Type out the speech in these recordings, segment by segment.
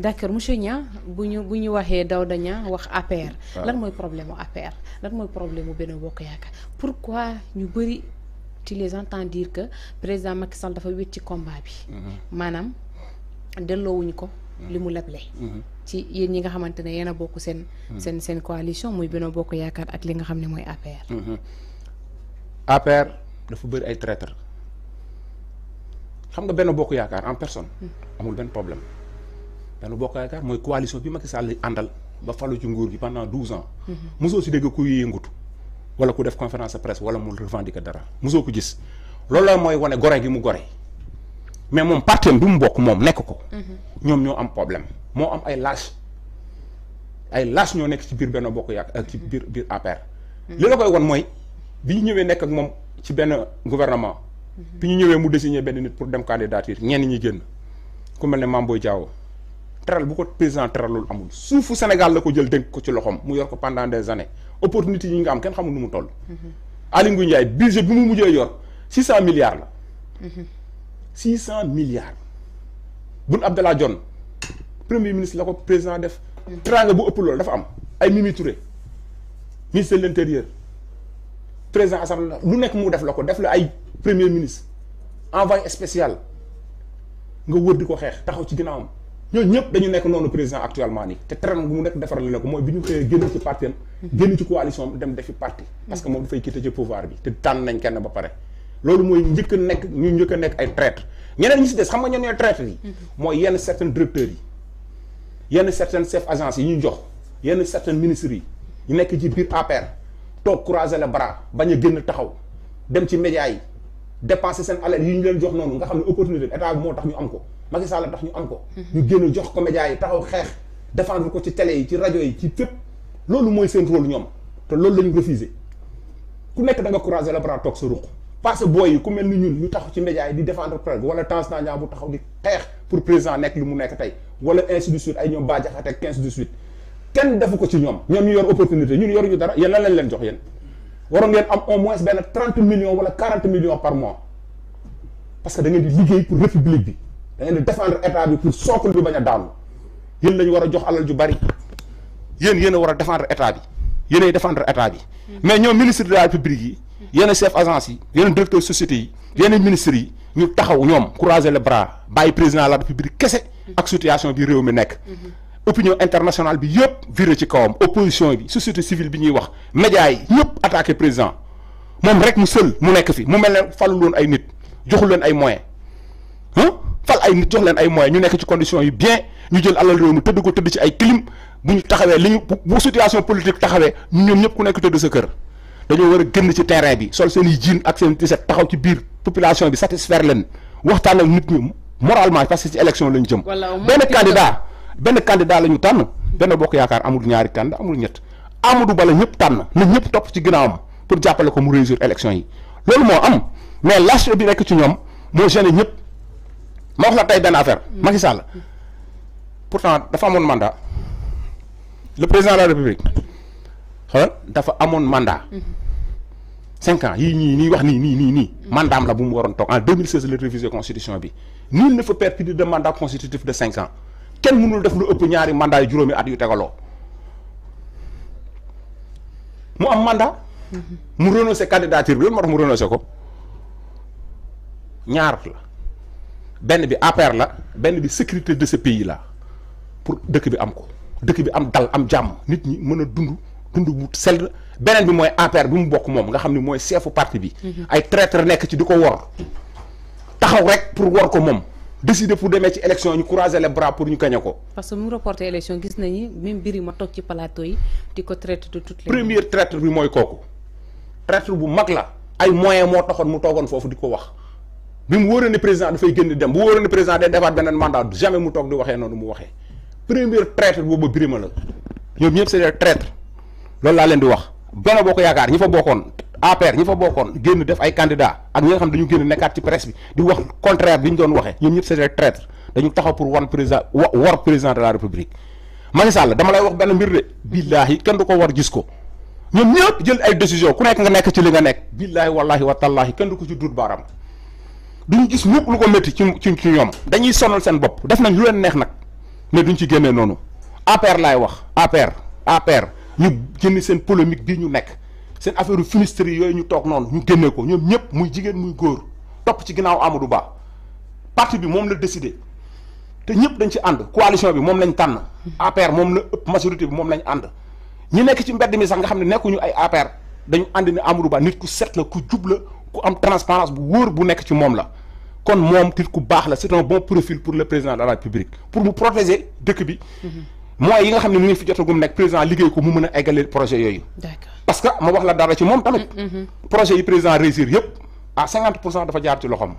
d'accord monsieur Niang bu ñu bu ñu waxee Daouda Niang wax APR. lan mooy problème mu APR lan mooy problème mu Benno Bokk Yaakaar pourquoi ñu bëri tu en entends diir que président Macky Sall dafa wét ci combat bi. Mhm. maanaam delloowuñu ko. Mhm. li mu leble. Mhm. ci yéen ñi nga xamante ne yéen a bokk seen. seen seen coalition muy Benno Bokk Yaakaar ak li nga xam ne mooy APR. APR dafa bëri ay traître xam nga Benno Bokk Yaakaar en personne. Hmm. amul benn problème. benn bokk yaakaar mooy coalition bi Macky Sall àndal ba falu ci nguur gi pendant douze ans. mosoo si dégg kuy yëngatu. wala ku def conférence de presse wala mu revendiquer dara mosoo ko gis loolu mooy wane gore gi mu gore mais moom parti bi mu bokk moom nekk ko. ñoom ñoo am problème moo am ay lâche ay lâche ñoo nekk ci biir benn bokk yàq ak euh, ci biir biir APR. li la koy won mooy bi ñu ñëwee nekk ak moom ci benn gouvernement. bi ñu ñëwee mu désigné benn pour dem candidature ñenn ñi génn ku mel ne Mame teral bu ko président teralul amul suufu Sénégal la ko jël denk ko ci loxom mu yor ko pendant des années opportunité yi nga am ken xamul numu toll. Mhm. ali ngou Ndiaye budget bi mu yor 600 milliards la. 600 mhm. milliards. bun Abdallah John, premier ministre la ko président def. Mhm. teraanga bu ëpp loolu dafa am ay Mimi Touré ministre de l'intérieur président assemblée lu nek mu def la ko def la ay premier ministre envoyé spécial nga wër di ko xeex taxaw ci ginnaawam. Nous ñëpp dañu nekk noonu président actuellement nii te teram sommes mu nekk la ko mooy bi ñu xëyee ci parti ci coalition dem defi parce que moom dafay quitter ci pouvoir bi te tànn nañ kenn ba pare loolu mooy njëkk a nekk ñu njëkk Il nekk ay traître ñeneen ñi si des xam nga traître yi mm-hmm. mooy yenn certaines directeurs yi yenn certaines chef agence yi ñu jox yenn certaines ministres yi ñu ci biir APR toog croiser les bras bañ a génn taxaw dem ci médias dépasser seen alal yi ñu leen jox nonu nga xamni opportunité état mo tax ñu am ko Macky Sall tax ñu am ko. Mhm. ñu génn jox ko yi taxaw xex défendre ko ci télé yi ci radio yi ci fépp. lolu moy sen rôle ñom té lolu lañu refuser ku nekk da nga courage le bras toog sa ruq parce que yi ku melni ñun ñu taxaw ci média yi di défendre presse wala Tanzania bu taxaw di xex pour président nekk li mu nekk tey wala ainsi de suite ay ñom Ba jaxate 15 de suite kenn defu ko ci ñom ñom ñu yor opportunité ñun ñu dara yéen lan lañ leen jox yeen waroon ngeen am au moins benn trente millions wala quarante millions par mois parce que da ngeen di liggéey pour république bi da di défendre état bi pour socle bi bañ a daanu yéen lañu war a jox alal ju bari yéen yéen a war a défendre état bi yéen ay défendre état bi mais ñoom ministre de la république yi yenn chef agence yi yenn directeur société yi yenn ministres yi ñu taxaw ñoom croiser les bras bàyyi président la république kese ak situation réew mi nekk opinion internationale bi yëpp viré ci kawam opposition bi société civile bi ñuy wax média yi ñëpp attaqué président mom rek mu seul mu nek fi mu mel ne falul won ay nit joxul leen ay moyens hein fal ay nit joxul leen ay moyens ñu nek ci condition yu bien ñu jël alal rew mi tëdd ko tëdd ci ay clim buñu taxawé liñu bu situation politique taxawé ñu ñom ñep ku nek tëdd sa kër dañu war a ci terrain bi sol seen i jean ak seen t taxaw ci biir population bi satisfaire leen waxtaan ak nit ñi moralement parce que ci élection lañu jëm ben candidat le candidat lañu ben bokk yaakar amul ñaari amul ñet Amadou bala de na ci pour jappalé ko mu réussir élection yi am mais lâcheté bi de ci ñom mo la tay d'un affaire pourtant dafa mandat le président de la république xoolal dafa mon mandat cinq ans yi ni wax ni ni ni. la bu mu waron en 2016 la révisé constitution bi ne faut perdre de mandat constitutif de cinq ans kenn mënul def lu ëpp ñaari mandat yu juróomi at yu tegaloo mu am mandat mu renoncé candidature bi loolu moo tax mu renoncé ko ñaar la benn bi APR la benn bi sécurité de ce la pour dëkk bi am ko dëkk bi am dal am jàmm nit ñi mën a dund dund bu sell beneen bi mooy APR bi mu bokk moom nga xam ne mooy seefu parti bi mhm. ay traître nekk ci di ko wor taxaw rek pour wor ko moom décider pour demee ci élection ñu croiser les bras pour ñu gagné ko. parce que mu reporté élection gis nañu même mbir yi ma toog ci plateau yi di ko traité de toutes les. première traître bi mooy kooku traître bu mag la ay moyen moo taxoon mu toogoon foofu di ko wax bi mu wóoree ne président dafay génn dem bu wóoree ne président day defaat beneen mandat jamais mu toog di waxee noonu mu waxee première traître boobu Birima la ñoom ñëpp c'est des loolu laa leen di wax benn boo ko yaakaar ñi fa APR il faut bokkoon génn def ay candidat ak ñi nga xam dañu génn à presse bi di contraire bi ñu doon waxee ñoom c'est des traîtres dañu taxaw pour président président de la république Macky Sall dama lay wax mbir de ko war gis ko des jël ay décision ku nekk nga nekk ci li nga nekk wa du ko ci duñ gis que lu ko ci ci dañuy def nañ lu leen neex Mais duñ ci APR APR APR polémique c'est un affaire de yoy ñu tok nous ñu nous ko ñom ñep muy jigen muy goor top ci ginaaw Amadou Ba parti bi mom la décidé té ñep dañ ci and coalition bi mom lañ APR mom la majorité bi mom lañ nous ñi nekk ci mbedd mi sax nga ay APR dañu nit ku set la ku transparence bu woor bu ci la kon ku c'est un bon profil pour le président de la République pour nous protéger dëkk bi mhm moyens yi nga xamni ne mu ngi fi jotagum nekk président liggéey ko mu mëna égaler projet yoyu d'accord parce que ma wax la dara ci mom tamit. Mm-hmm. Mm-hmm. projet yi président réussir yépp à 50 dafa jaar ci loxoom.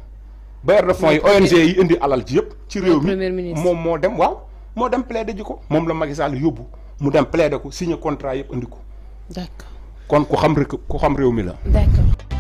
bailleur de fonds yi ONG yi indi alal ci yépp ci réew mi mom mo dem waaw mo dem plaider jiko mom la Macky Sall yobbu mu dem plaider ko signer contrat yépp indi ko. d'accord kon ku xam rek ku xam réew mi la. d'accord